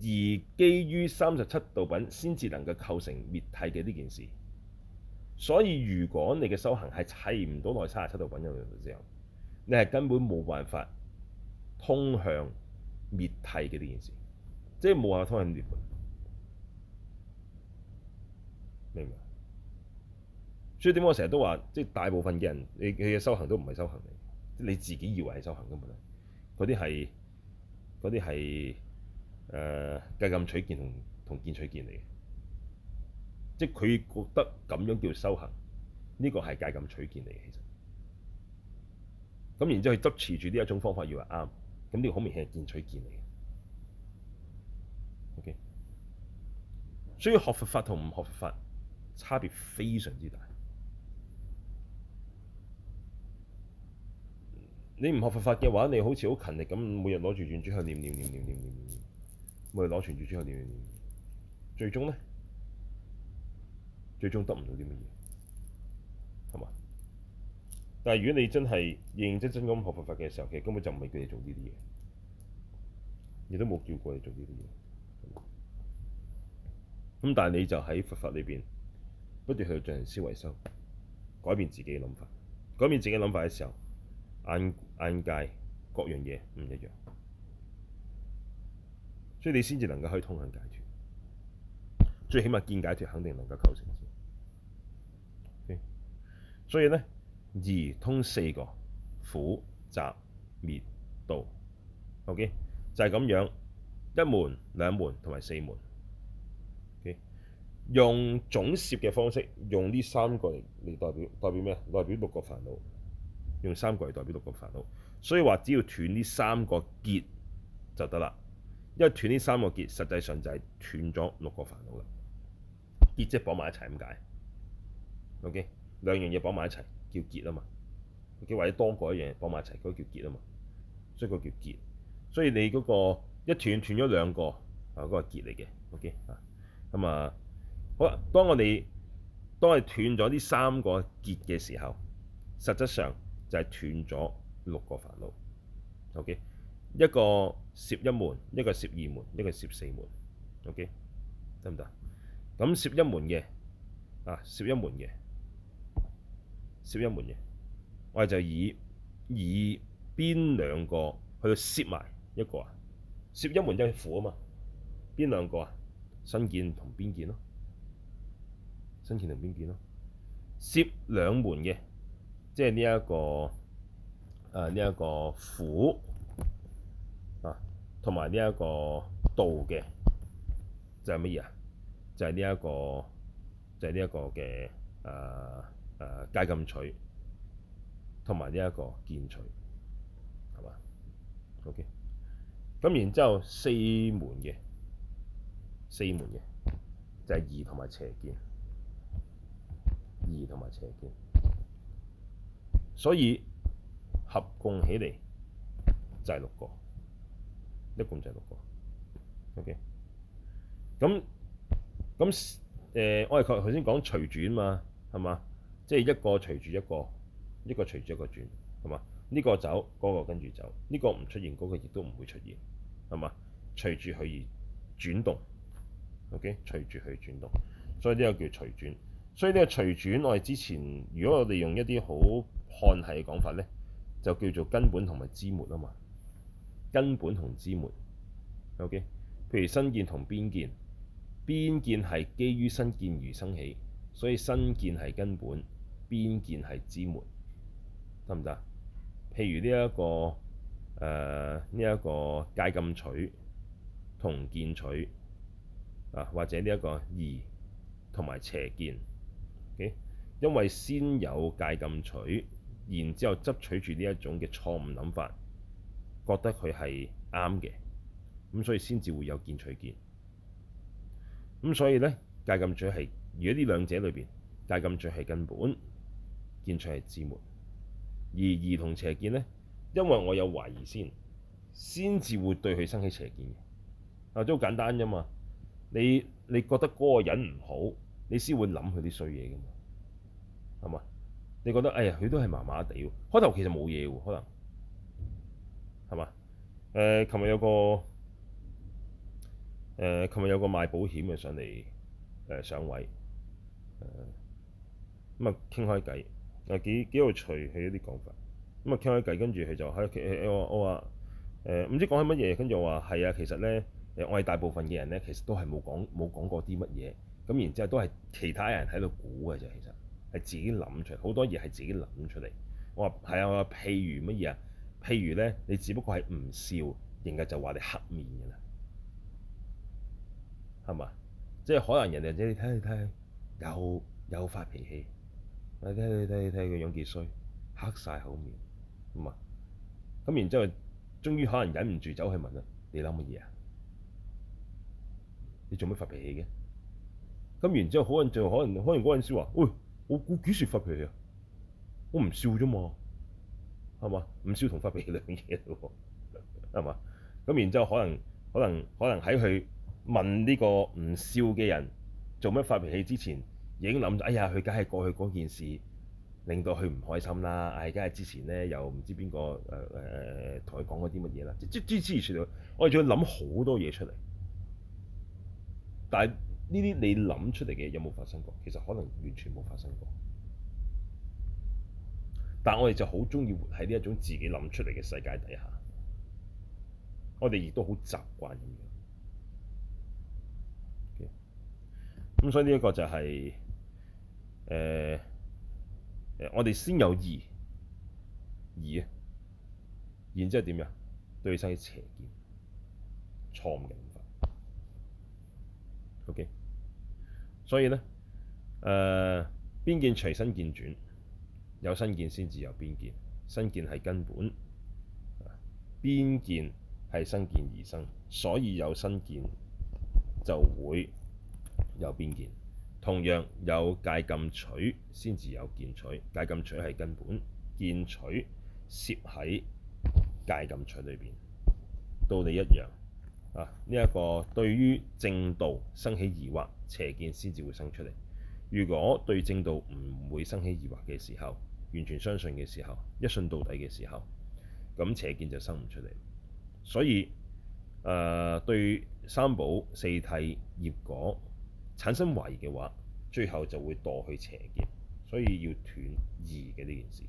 而基於三十七道品先至能夠構成滅體嘅呢件事，所以如果你嘅修行係砌唔到內三十七道品入去嘅時候，你係根本冇辦法。通向滅諦嘅呢件事，即係冇話通向滅門，明唔明啊？所以點解我成日都話，即係大部分嘅人，你你嘅修行都唔係修行嚟，即你自己以為係修行根本，嗰啲係嗰啲係誒戒禁取見同同見取見嚟嘅，即係佢覺得咁樣叫修行，呢、這個係戒禁取見嚟嘅，其實，咁然之後佢執持住呢一種方法以為啱。咁呢個好明顯係見取見嚟嘅，OK。所以學佛法同唔學佛法差別非常之大。你唔學佛法嘅話，你好似好勤力咁，每日攞住圓珠去念念念念念念念，每日攞住圓珠去念念念，最終咧，最終得唔到啲乜嘢。但係如果你真係認認真真咁學佛法嘅時候，其實根本就唔係叫你做呢啲嘢，亦都冇叫過你做呢啲嘢。咁但係你就喺佛法裏邊不斷去進行思維修，改變自己嘅諗法，改變自己嘅諗法嘅時候，眼眼界各樣嘢唔一樣，所以你先至能夠去通行解脫。最起碼見解脫肯定能夠構成先。所以呢。二通四個苦集滅道，OK 就係咁樣，一門兩門同埋四門，OK? 用總攝嘅方式，用呢三個嚟代表代表咩？代表六個煩惱，用三個嚟代表六個煩惱，所以話只要斷呢三個結就得啦，因為斷呢三個結，實際上就係斷咗六個煩惱啦，結即係綁埋一齊咁解，OK 兩樣嘢綁埋一齊。叫結啊嘛，佢或者當過一樣放埋一齊，嗰個叫結啊嘛，所以佢叫結。所以你嗰個一斷斷咗兩個啊，嗰個結嚟嘅。OK 啊，咁啊好啦，當我哋當係斷咗呢三個結嘅時候，實質上就係斷咗六個煩惱。OK，一個攝一門，一個攝二門，一個攝四門。OK，得唔得？咁攝一門嘅啊，攝一門嘅。攝一門嘅，我哋就以以邊兩個去攝埋一個啊？攝一門就係苦啊嘛，邊兩個啊？身見同邊見咯？身見同邊見咯？攝兩門嘅，即係呢一個誒呢一個苦啊，同埋呢一個道嘅，就係乜嘢啊？就係呢一個就係呢一個嘅誒。呃誒戒禁取同埋呢一個見取係嘛？OK，咁然之後四門嘅四門嘅就係、是、疑同埋邪見疑同埋邪見，所以合共起嚟就係六個一共就係六個 OK。咁咁誒，我哋頭頭先講隨轉嘛係嘛？即係一個隨住一個，一個隨住一個轉，係嘛？呢、這個走，嗰、那個跟住走；呢、這個唔出現，嗰、那個亦都唔會出現，係嘛？隨住佢而轉動，OK？隨住佢轉動，所以呢個叫隨轉。所以呢個隨轉，我哋之前如果我哋用一啲好漢系嘅講法呢，就叫做根本同埋枝末啊嘛。根本同枝末，OK？譬如身見同邊見，邊見係基於身見而生起，所以身見係根本。邊見係枝末，得唔得？譬如呢、這、一個誒，呢、呃、一、這個戒禁取同見取啊，或者呢一個疑同埋邪見，因為先有戒禁取，然之後執取住呢一種嘅錯誤諗法，覺得佢係啱嘅，咁所以先至會有見取見。咁所以呢，戒禁取係如果呢兩者裏邊，戒禁取係根本。見出係之門，而兒童邪見呢，因為我有懷疑先，先至會對佢生起邪見嘅。啊都好簡單啫嘛，你你覺得嗰個人唔好，你先會諗佢啲衰嘢嘅嘛，係嘛？你覺得，你你覺得哎呀，佢都係麻麻地喎，開頭其實冇嘢喎，可能係嘛？誒，呃，琴日有個誒，呃，琴日有個賣保險嘅上嚟誒、呃、上位，咁啊傾開計。啊幾好有趣佢啲講法，咁啊傾開偈，跟住佢就喺度。嗯、我、呃、我話唔知講緊乜嘢，跟住我話係啊，其實咧誒我哋大部分嘅人咧，其實都係冇講冇講過啲乜嘢，咁然之後都係其他人喺度估嘅啫，其實係自己諗出好多嘢係自己諗出嚟。我話係啊，我話譬如乜嘢啊？譬如咧，如你只不過係唔笑，人家就話你黑面嘅啦，係咪？即、就、係、是、可能人哋即你睇睇睇，有有發脾氣。睇睇睇睇佢樣幾衰，黑晒口面，咁嘛，咁然之後，終於可能忍唔住走去問啦：你諗乜嘢啊？你做乜發脾氣嘅？咁然之後可能就，可能可能嗰陣時話：喂，我估幾時發脾氣啊？我唔笑啫嘛，係嘛？唔笑同發脾氣兩嘢喎，係嘛？咁然之後可能可能可能喺佢問呢個唔笑嘅人做乜發脾氣之前。已經諗住，哎呀，佢梗係過去嗰件事令到佢唔開心啦。唉、哎，梗係之前咧又唔知邊個誒誒同佢講過啲乜嘢啦。即即即之如此類，我哋仲要諗好多嘢出嚟。但係呢啲你諗出嚟嘅有冇發生過？其實可能完全冇發生過。但係我哋就好中意活喺呢一種自己諗出嚟嘅世界底下。我哋亦都好習慣咁樣。咁、okay? 所以呢一個就係、是。誒我哋先有疑疑啊，然之後點樣對身起邪見錯誤嘅想法。OK，所以呢，誒、呃，邊見隨身見轉有身見先至有邊見身見係根本，邊見係身見而生，所以有身見就會有邊見。同樣有戒禁取，先至有見取。戒禁取係根本，見取攝喺戒禁取裏邊，道理一樣。啊，呢、這、一個對於正道生起疑惑，邪見先至會生出嚟。如果對正道唔會生起疑惑嘅時候，完全相信嘅時候，一信到底嘅時候，咁邪見就生唔出嚟。所以，誒、呃、對三寶四諦業果，產生懷疑嘅話，最後就會墮去邪見，所以要斷疑嘅呢件事。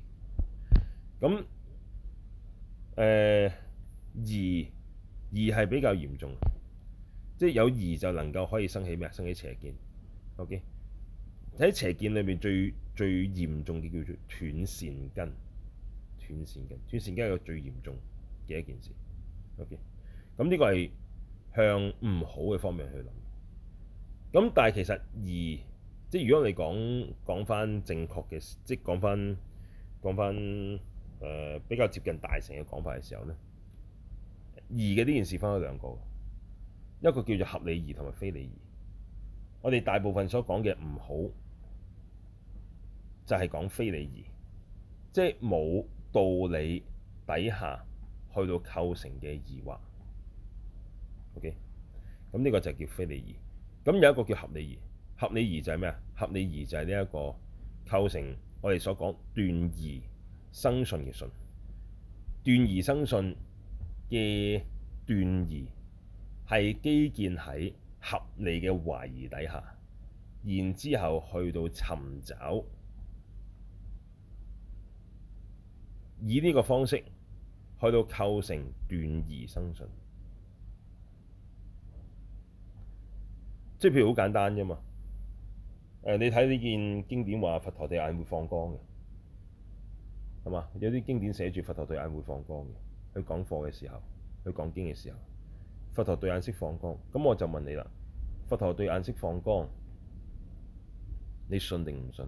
咁，誒、呃，疑，疑係比較嚴重，即係有疑就能夠可以生起咩啊？生起邪見。OK，喺邪見裏面最最嚴重嘅叫做斷善根，斷善根，斷善根係個最嚴重嘅一件事。OK，咁呢個係向唔好嘅方面去諗。咁但係其實疑，即係如果你講講翻正確嘅，即係講翻講翻誒、呃、比較接近大乘嘅講法嘅時候咧，疑嘅呢件事分開兩個，一個叫做合理疑同埋非理疑。我哋大部分所講嘅唔好，就係、是、講非理疑，即係冇道理底下去到構成嘅疑惑。OK，咁呢個就叫非理疑。咁有一個叫合理疑，合理疑就係咩啊？合理疑就係呢一個構成我哋所講斷疑生信嘅信，斷疑生信嘅斷疑係基建喺合理嘅懷疑底下，然之後去到尋找，以呢個方式去到構成斷疑生信。即係譬如好簡單啫嘛，誒、呃、你睇呢件經典話佛陀對眼會放光嘅，係嘛？有啲經典寫住佛陀對眼會放光嘅，去講課嘅時候，去講經嘅時候，佛陀對眼識放光。咁我就問你啦，佛陀對眼識放光，你信定唔信？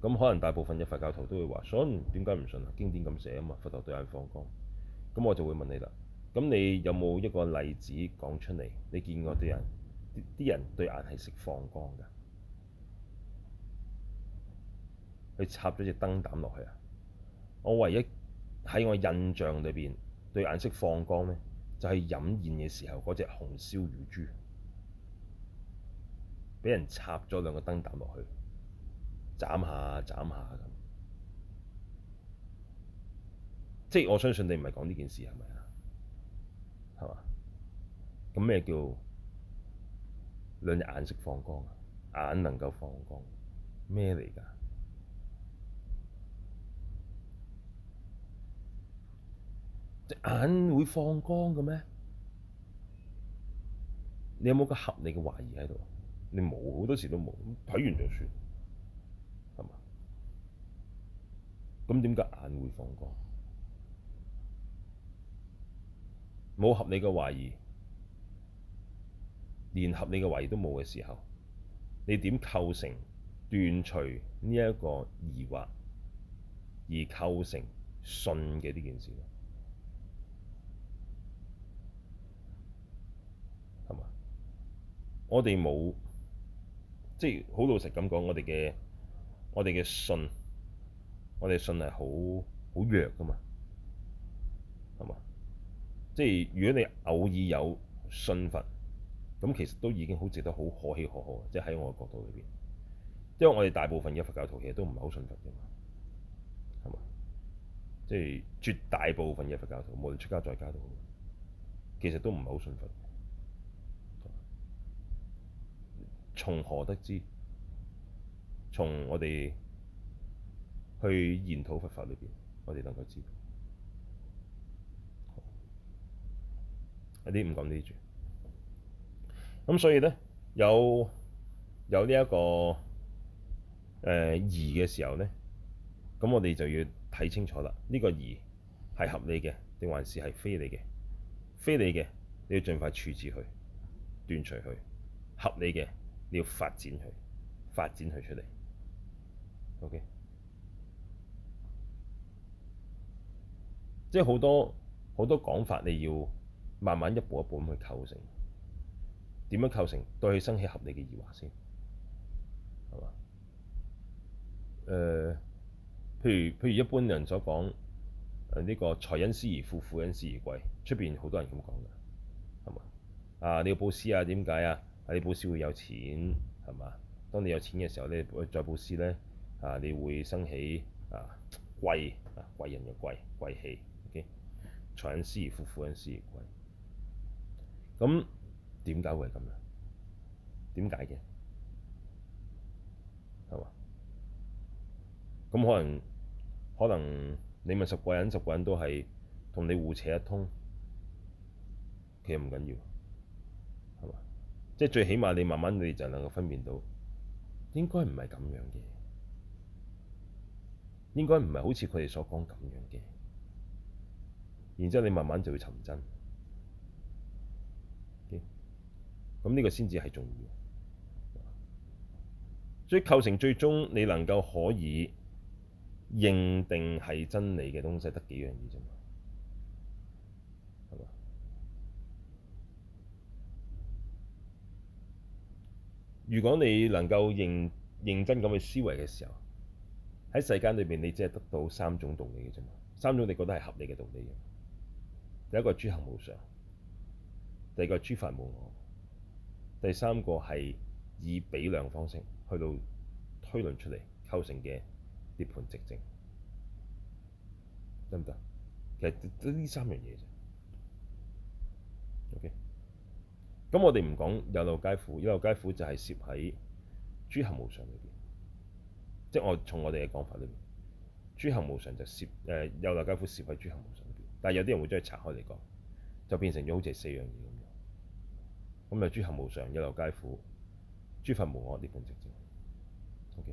咁可能大部分嘅佛教徒都會話信，點解唔信啊？經典咁寫啊嘛，佛陀對眼放光。咁我就會問你啦，咁你有冇一個例子講出嚟？你見過啲人？嗯。啲人對眼係食放光㗎，佢插咗隻燈膽落去啊！我唯一喺我印象裏邊對眼食放光呢，就係、是、飲宴嘅時候嗰隻紅燒乳豬，畀人插咗兩個燈膽落去，斬下斬下咁。即係我相信你唔係講呢件事係咪啊？係嘛？咁咩叫兩隻眼識放光啊！眼能夠放光，咩嚟㗎？隻眼會放光嘅咩？你有冇個合理嘅懷疑喺度？你冇，好多時都冇，睇完就算，係嘛？咁點解眼會放光？冇合理嘅懷疑。連合你嘅懷都冇嘅時候，你點構成斷除呢一個疑惑而構成信嘅呢件事呢？係嘛？我哋冇即係好老實咁講，我哋嘅我哋嘅信，我哋信係好好弱噶嘛？係嘛？即係如果你偶爾有信佛。咁其實都已經好值得好可喜可賀。即係喺我嘅角度裏邊，因為我哋大部分嘅佛教徒其實都唔係好信佛嘅嘛，係嘛？即係絕大部分嘅佛教徒，無論出家在家都好，其實都唔係好信佛。從何得知？從我哋去研討佛法裏邊，我哋能夠知道。好，呢啲唔講呢啲住。咁所以呢，有有呢、這、一個誒疑嘅時候呢，咁我哋就要睇清楚啦。呢、這個疑係合理嘅定還是係非理嘅？非理嘅你要盡快處置佢，斷除佢；合理嘅你要發展佢，發展佢出嚟。OK，即係好多好多講法，你要慢慢一步一步咁去構成。點樣構成對佢生起合理嘅疑惑先，係嘛？誒、呃，譬如譬如一般人所講，誒、呃、呢、呢個財因施而富，富因施而貴，出邊好多人咁講㗎，係嘛？啊，你布施啊，點解啊？你布施會有錢，係嘛？當你有錢嘅時候咧，你再布施咧，啊，你會生起啊貴啊貴人嘅貴貴氣。O.K. 財因施而富，富因施而貴。咁點解會係咁樣？點解嘅？係嘛？咁可能可能你問十個人，十個人都係同你胡扯一通，其實唔緊要，係嘛？即係最起碼你慢慢你就能夠分辨到，應該唔係咁樣嘅，應該唔係好似佢哋所講咁樣嘅，然之後你慢慢就會尋真。咁呢個先至係重要，所以構成最終你能夠可以認定係真理嘅東西得幾樣嘢啫嘛？係嘛？如果你能夠認認真咁去思維嘅時候，喺世間裏面你只係得到三種道理嘅啫嘛。三種你覺得係合理嘅道理嘅。第一個係諸行無常，第二個係諸法無我。第三個係以比量方式去到推論出嚟構成嘅涅槃寂靜，得唔得？其實呢三樣嘢啫。OK，咁我哋唔講有漏皆苦，有漏皆苦就係攝喺諸行無常裏邊，即係我從我哋嘅講法裏邊，諸行無常就攝，誒有漏皆苦攝喺諸行無常裏邊，但係有啲人會將佢拆開嚟講，就變成咗好似係四樣嘢咁。咁就諸行無常，一切皆苦，諸法無我，涅槃寂靜。O.K.，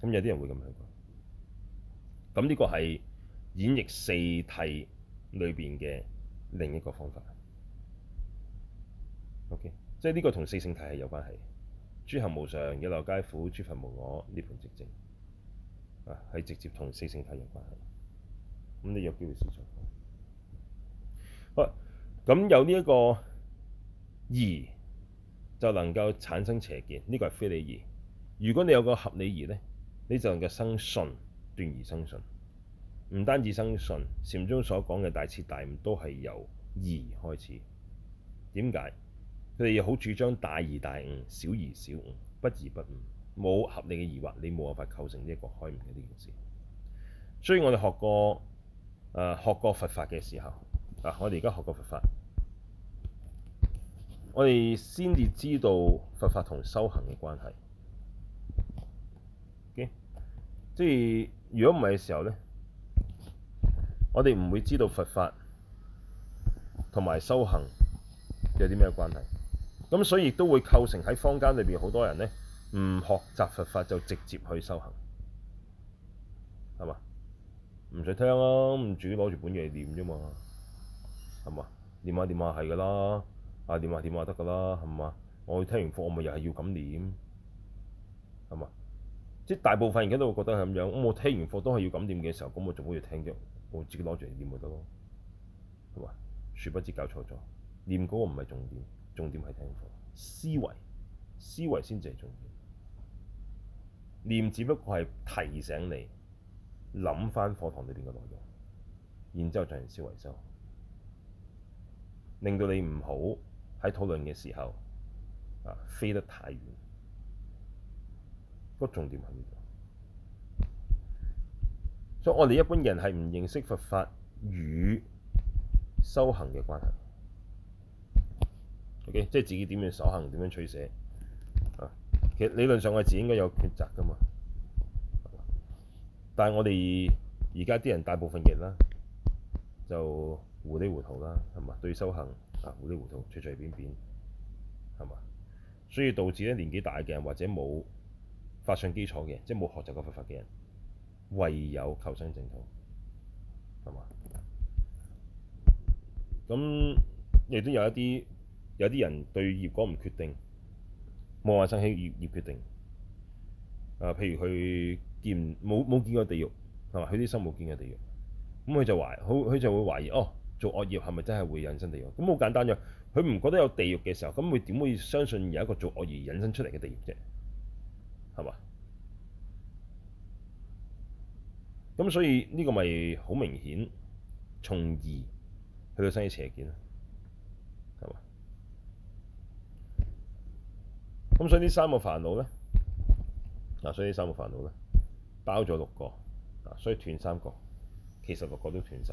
咁有啲人會咁樣講。咁呢個係演繹四諦裏邊嘅另一個方法。O.K.，即係呢個同四聖諦係有關係。諸行無常，一切皆苦，諸法無我，涅槃寂靜。啊，係直接同四聖諦有關係。咁你有機會試錯。好，咁有呢、這、一個。疑就能夠產生邪見，呢個係非理疑。如果你有個合理疑呢，你就能夠生信，斷疑生信。唔單止生信，禪宗所講嘅大徹大悟都係由疑開始。點解？佢哋好主張大疑大悟，小疑小悟，不疑不悟。冇合理嘅疑惑，你冇辦法構成呢一個開悟嘅呢件事。所以我哋學過誒、呃、學過佛法嘅時候，嗱、啊，我哋而家學過佛法。我哋先至知道佛法同修行嘅關係，okay? 即係如果唔係嘅時候咧，我哋唔會知道佛法同埋修行有啲咩關係。咁所以亦都會構成喺坊間裏邊好多人咧，唔學習佛法就直接去修行，係嘛？唔使聽啊，唔自己攞住本嘢念啫嘛，係嘛？念下念下係噶啦。啊點啊點啊得㗎啦，係嘛？我去聽完課我咪又係要咁念，係嘛？即係大部分人家都會覺得係咁樣，咁我聽完課都係要咁念嘅時候，咁我仲可要聽嘅？我自己攞住嚟念咪得咯，係嘛？殊不知搞錯咗，念嗰個唔係重點，重點係聽課、思維，思維先至係重點。念只不過係提醒你，諗翻課堂裏邊嘅內容，然之後進行思維修，令到你唔好。喺討論嘅時候，啊飛得太遠，個重點係呢邊？所以我哋一般人係唔認識佛法與修行嘅關係。O.K.，即係自己點樣修行，點樣取捨。啊，其實理論上我哋自己應該有抉擇噶嘛。但係我哋而家啲人大部分人啦，就糊裏糊塗啦，係嘛對,對修行？糊裡、啊、糊塗，隨隨便便，係嘛？所以導致咧，年紀大嘅人或者冇法相基礎嘅，即係冇學習過佛法嘅人，唯有求生淨土，係嘛？咁亦都有一啲有啲人對業果唔決定，冇妄生起業業決定。啊，譬如佢見唔冇冇見過地獄，係嘛？佢啲心冇見過地獄，咁佢就懷好，佢就會懷疑哦。做惡業係咪真係會引生地獄？咁好簡單啫，佢唔覺得有地獄嘅時候，咁佢點會相信有一個做惡業引生出嚟嘅地獄啫？係嘛？咁所以呢、呢個咪好明顯，從而去到生起邪見啦，係嘛？咁所以呢三個煩惱咧，嗱、啊，所以呢三個煩惱咧，包咗六個，嗱，所以斷三個，其實六個都斷晒。